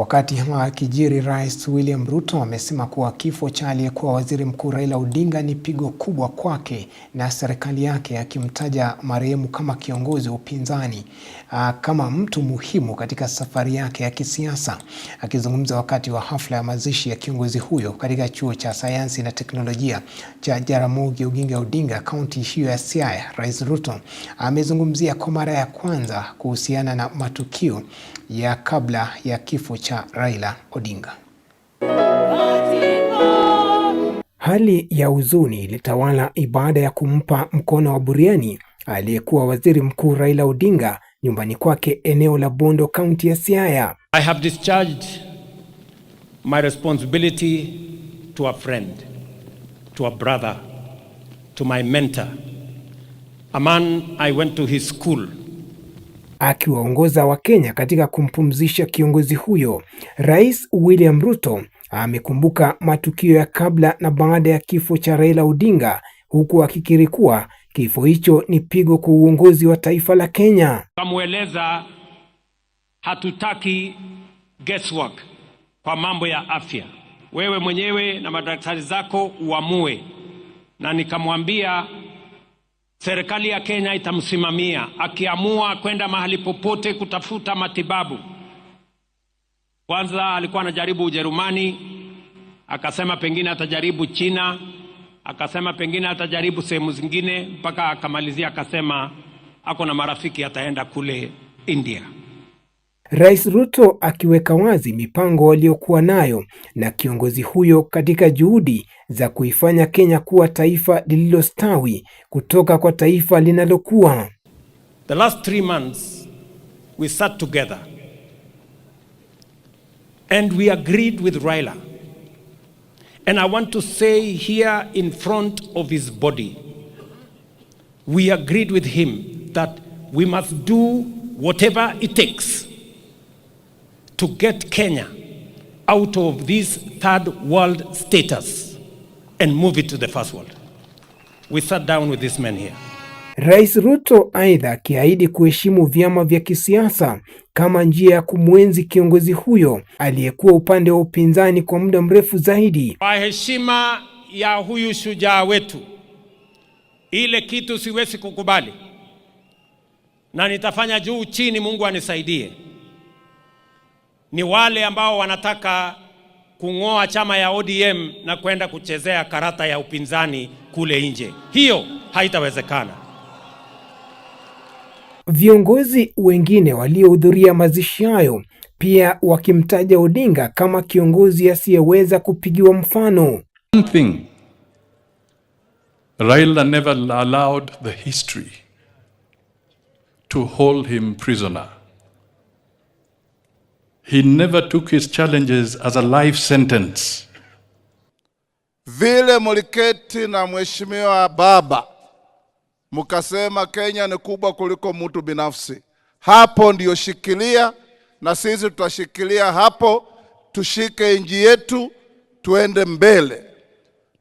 Wakati hawa akijiri, Rais William Ruto amesema kuwa kifo cha aliyekuwa Waziri Mkuu Raila Odinga ni pigo kubwa kwake na serikali yake, akimtaja ya marehemu kama kiongozi wa upinzani kama mtu muhimu katika safari yake ya kisiasa. Akizungumza wakati wa hafla ya mazishi ya kiongozi huyo katika Chuo cha Sayansi na Teknolojia cha Jaramogi Oginga Odinga, kaunti hiyo ya Siaya, Rais Ruto amezungumzia kwa mara ya kwanza kuhusiana na matukio ya kabla ya kifo cha cha Raila Odinga. Hali ya huzuni ilitawala ibada ya kumpa mkono wa buriani aliyekuwa waziri mkuu Raila Odinga nyumbani kwake eneo la Bondo, kaunti ya Siaya. I have discharged my responsibility to a friend, to a brother, to my mentor, a man I went to his school akiwaongoza Wakenya katika kumpumzisha kiongozi huyo. Rais William Ruto amekumbuka matukio ya kabla na baada ya kifo cha Raila Odinga huku akikiri kuwa kifo hicho ni pigo kwa uongozi wa taifa la Kenya. Kamweleza hatutaki guesswork kwa mambo ya afya, wewe mwenyewe na madaktari zako uamue, na nikamwambia serikali ya Kenya itamsimamia akiamua kwenda mahali popote kutafuta matibabu. Kwanza alikuwa anajaribu Ujerumani, akasema pengine atajaribu China, akasema pengine atajaribu sehemu zingine, mpaka akamalizia akasema ako na marafiki ataenda kule India. Rais Ruto akiweka wazi mipango waliokuwa nayo na kiongozi huyo katika juhudi za kuifanya Kenya kuwa taifa lililostawi kutoka kwa taifa linalokuwa. The last three months we sat together and we agreed with Raila and I want to say here in front of his body we agreed with him that we must do whatever it takes to get Kenya out of this third world status and move it to the first world. We sat down with this man here. Rais Ruto aidha akiahidi kuheshimu vyama vya kisiasa kama njia ya kumwenzi kiongozi huyo aliyekuwa upande wa upinzani kwa muda mrefu zaidi. Kwa heshima ya huyu shujaa wetu, ile kitu siwezi kukubali na nitafanya juu chini, Mungu anisaidie ni wale ambao wanataka kung'oa chama ya ODM na kwenda kuchezea karata ya upinzani kule nje. Hiyo haitawezekana. Viongozi wengine waliohudhuria mazishi hayo pia wakimtaja Odinga kama kiongozi asiyeweza kupigiwa mfano. One thing Raila never allowed the history to hold him prisoner. He never took his challenges as a life sentence. Vile muliketi na mheshimiwa baba mukasema Kenya ni kubwa kuliko mtu binafsi, hapo ndiyo shikilia, na sisi tutashikilia hapo. Tushike nchi yetu, tuende mbele,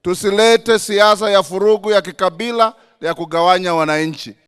tusilete siasa ya furugu ya kikabila ya kugawanya wananchi.